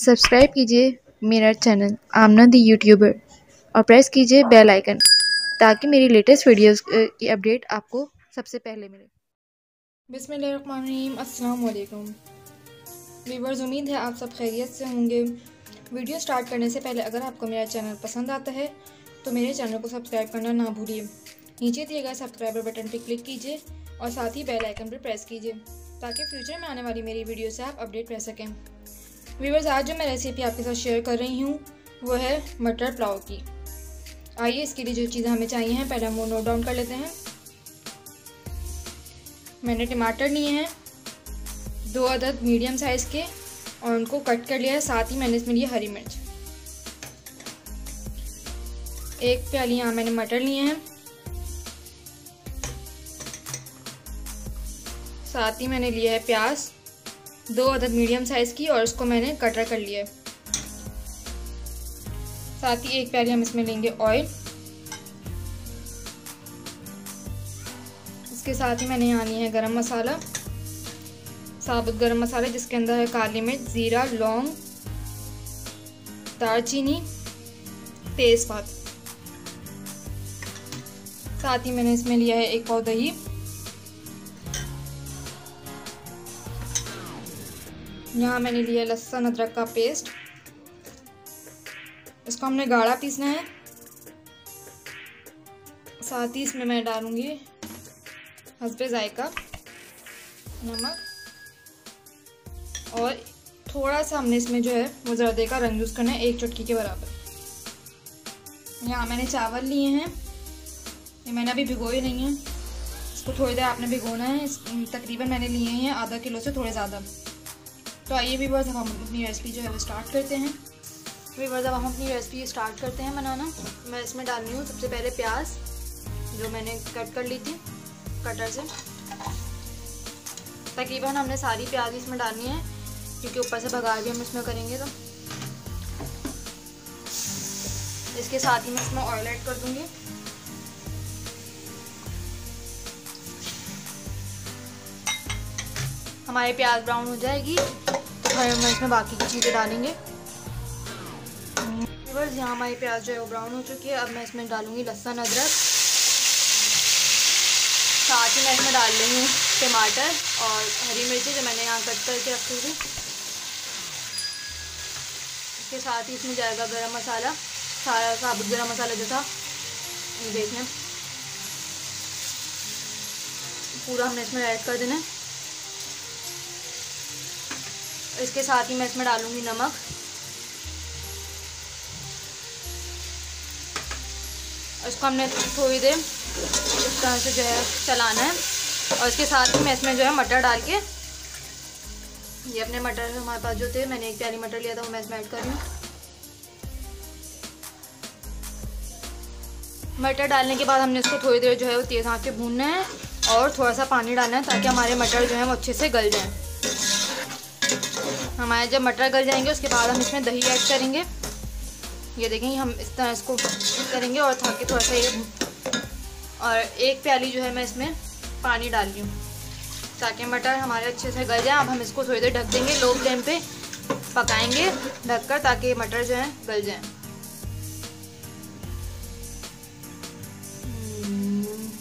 Subscribe कीजिए मेरा channel Amna the YouTuber और प्रेस कीजिए बेल आइकन ताकि मेरी लेटेस्ट वीडियोस की अपडेट आपको सबसे पहले मिले बिसमीम अल्लाम वीवर्स उम्मीद है आप सब खैरियत से होंगे वीडियो स्टार्ट करने से पहले अगर आपको मेरा चैनल पसंद आता है तो मेरे चैनल को सब्सक्राइब करना ना भूलिए नीचे दिए गए सब्सक्राइबर बटन पर क्लिक कीजिए और साथ ही बेल आइकन पर प्रेस कीजिए ताकि फ्यूचर में आने वाली मेरी वीडियो से आप अपडेट रह सकें व्यूवर्स आज जो मैं रेसिपी आपके साथ शेयर कर रही हूँ वो है मटर पुलाव की आइए इसके लिए जो चीज़ें हमें चाहिए हैं पहले हम वो नोट डाउन कर लेते हैं मैंने टमाटर लिए हैं दो अदद मीडियम साइज़ के और उनको कट कर लिया है साथ ही मैंने इसमें लिए हरी मिर्च एक प्याली यहाँ मैंने मटर लिए हैं साथ ही मैंने लिया है प्याज दो अदद मीडियम साइज़ की और इसको मैंने कटर कर लिया साथ ही एक प्यारी हम इसमें लेंगे ऑयल इसके साथ ही मैंने यहाँ लिया है गरम मसाला साबुत गरम मसाला जिसके अंदर है काली मिर्च ज़ीरा लौंग दालचीनी तेज़पात साथ ही मैंने इसमें लिया है एक पाव दही यहाँ मैंने लिया लहसुन अदरक का पेस्ट इसको हमने गाढ़ा पीसना है साथ ही इसमें मैं डालूँगी हसबे जायका नमक और थोड़ा सा हमने इसमें जो है वो जर्दे का रंग यूज़ करना है एक चुटकी के बराबर यहाँ मैंने चावल लिए हैं ये मैंने अभी भिगोए नहीं है इसको थोड़ी देर आपने भिगोना है तकरीबन मैंने लिए हैं आधा किलो से थोड़े ज़्यादा तो आइए वीवर्स अब हम अपनी रेसिपी जो है वो स्टार्ट करते हैं वीवर्स अब हम अपनी रेसिपी स्टार्ट करते हैं बनाना मैं इसमें डाल रही हूँ सबसे पहले प्याज जो मैंने कट कर ली थी कटर से तकरीबन हमने सारी प्याज इसमें डालनी है क्योंकि ऊपर से भगा भी हम इसमें करेंगे तो इसके साथ ही मैं इसमें ऑयल ऐड कर दूंगी हमारे प्याज ब्राउन हो जाएगी फिर हम इसमें बाकी की चीज़ें डालेंगे फ्लेवर्स यहाँ हमारी प्याज जो है वो ब्राउन हो चुकी है अब मैं इसमें डालूँगी लहसुन अदरक साथ ही मैं इसमें डाल रही हूँ टमाटर और हरी मिर्ची जो मैंने यहाँ कट करके रखी थी इसके साथ ही इसमें जाएगा गरम मसाला सारा साबुत गरम मसाला जो था ये देख पूरा हमने इसमें ऐड कर देना है इसके साथ ही मैं इसमें डालूँगी नमक इसको हमने थोड़ी देर इस तरह से जो है चलाना है और इसके साथ ही मैं इसमें जो है मटर डाल के ये अपने मटर हमारे पास जो थे मैंने एक प्याली मटर लिया था वो मैं इसमें ऐड कर रही हूँ मटर डालने के बाद हमने इसको थोड़ी देर जो है वो तेज़ आँख के भूनना है और थोड़ा सा पानी डालना है ताकि हमारे मटर जो है वो अच्छे से गल जाएँ हमारे जब मटर गल जाएंगे उसके बाद हम इसमें दही ऐड करेंगे ये देखेंगे हम इस तरह इसको करेंगे और था के थोड़ा सा ये और एक प्याली जो है मैं इसमें पानी डाल रही हूँ ताकि मटर हमारे अच्छे से गल जाए अब हम इसको थोड़ी देर ढक देंगे लो फ्लेम पे पकाएंगे ढककर ताकि मटर जो है गल जाए हम्म।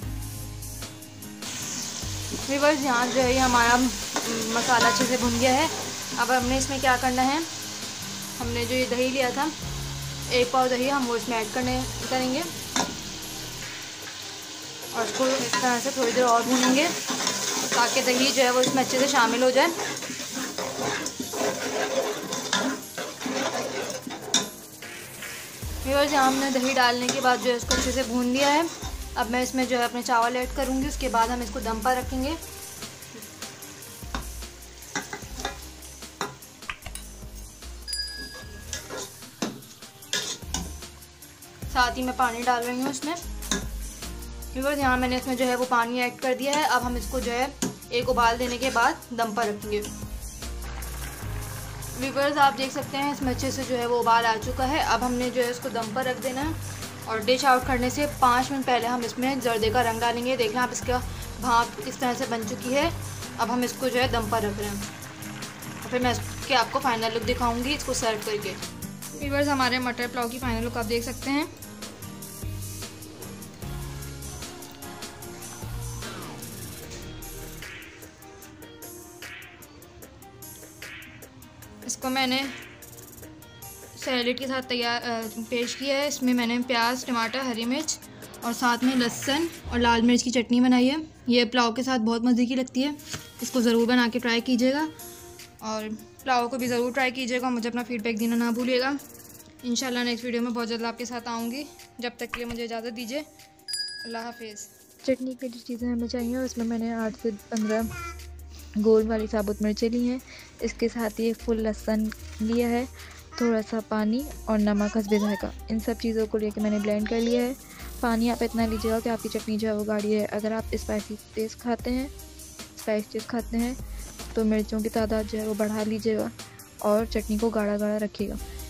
बस यहाँ जो है हमारा हम्म, मसाला अच्छे से भुन गया है अब हमने इसमें क्या करना है हमने जो ये दही लिया था एक पाव दही हम वो इसमें ऐड करने करेंगे और उसको इस तरह से थोड़ी देर और भूनेंगे ताकि दही जो है वो इसमें अच्छे से शामिल हो जाए व्यवर्स यहाँ हमने दही डालने के बाद जो है इसको अच्छे से भून लिया है अब मैं इसमें जो है अपने चावल ऐड करूँगी उसके बाद हम इसको दम पर रखेंगे साथ ही मैं पानी डाल रही हूँ इसमें व्यूवर्स यहाँ मैंने इसमें जो है वो पानी ऐड कर दिया है अब हम इसको जो है एक उबाल देने के बाद दम पर रखेंगे व्यूवर्स आप देख सकते हैं इसमें अच्छे से जो है वो उबाल आ चुका है अब हमने जो है इसको दम पर रख देना है और डिश आउट करने से पाँच मिनट पहले हम इसमें जर्दे का रंग डालेंगे देख आप इसका भाप किस तरह से बन चुकी है अब हम इसको जो है दम पर रख रहे हैं और फिर मैं इसके आपको फाइनल लुक दिखाऊंगी इसको सर्व करके व्यूवर्स हमारे मटर पुलाव की फाइनल लुक आप देख सकते हैं इसको मैंने सैलेड के साथ तैयार पेश किया है इसमें मैंने प्याज टमाटर हरी मिर्च और साथ में लहसन और लाल मिर्च की चटनी बनाई है ये पुलाव के साथ बहुत मज़े की लगती है इसको ज़रूर बना के ट्राई कीजिएगा और पुलाव को भी ज़रूर ट्राई कीजिएगा मुझे अपना फीडबैक देना ना भूलिएगा इंशाल्लाह नेक्स्ट वीडियो में बहुत जल्द आपके साथ आऊँगी जब तक के लिए मुझे इजाज़त दीजिए अल्लाह हाफिज़ चटनी की जो चीज़ें हमें चाहिए उसमें मैंने आठ से पंद्रह गोल वाली साबुत मिर्चें ली हैं इसके साथ ही फुल लहसन लिया है थोड़ा सा पानी और नमक हंस जाएगा इन सब चीज़ों को लेकर मैंने ब्लेंड कर लिया है पानी आप इतना लीजिएगा कि आपकी चटनी जो है वो गाढ़ी है अगर आप स्पाइसी टेस्ट खाते हैं स्पाइस टेस्ट खाते हैं तो मिर्चों की तादाद जो है वो बढ़ा लीजिएगा और चटनी को गाढ़ा गाढ़ा रखिएगा